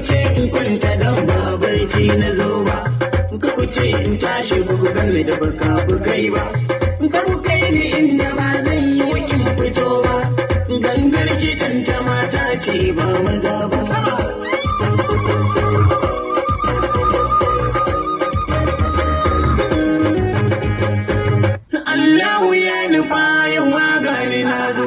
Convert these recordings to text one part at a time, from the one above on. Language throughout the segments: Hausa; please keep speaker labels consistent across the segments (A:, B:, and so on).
A: kuce in kwanta don ba barci na zo ba ka kuce in tashi ku ganni da baka ku kai ba ka ku kai ni inda ba zai yi wakin fito ba gangar kidan ta mata ce ba maza ba Allahu ya nufa yawa gani na zo.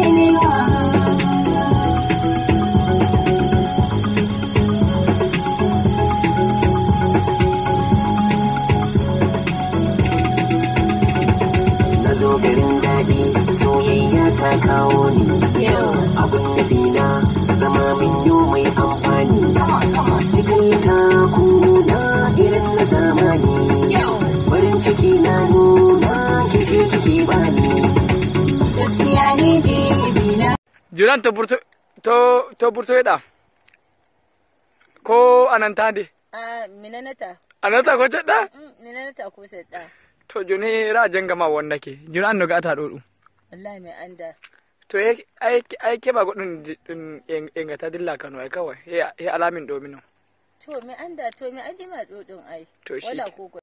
A: zo garin daɗi soyayya ta kawo ni abun da na zama min yo mai amfani dukan ta kuna irin na zamani barin ciki na nuna kice kike bani gaskiya ne baby na jiran ta burto to to burto yada ko ananta de a minanata anata ko cadda mm, minanata ko sadda to joni ra janga ma wanda ke joni an no ta ɗo ɗum wallahi mi anda to ai ke ba goɗɗum ɗum e ta dilla kano ai kawai he alamin domino mino to mi anda to mi andima ɗo ɗum ai to wala ko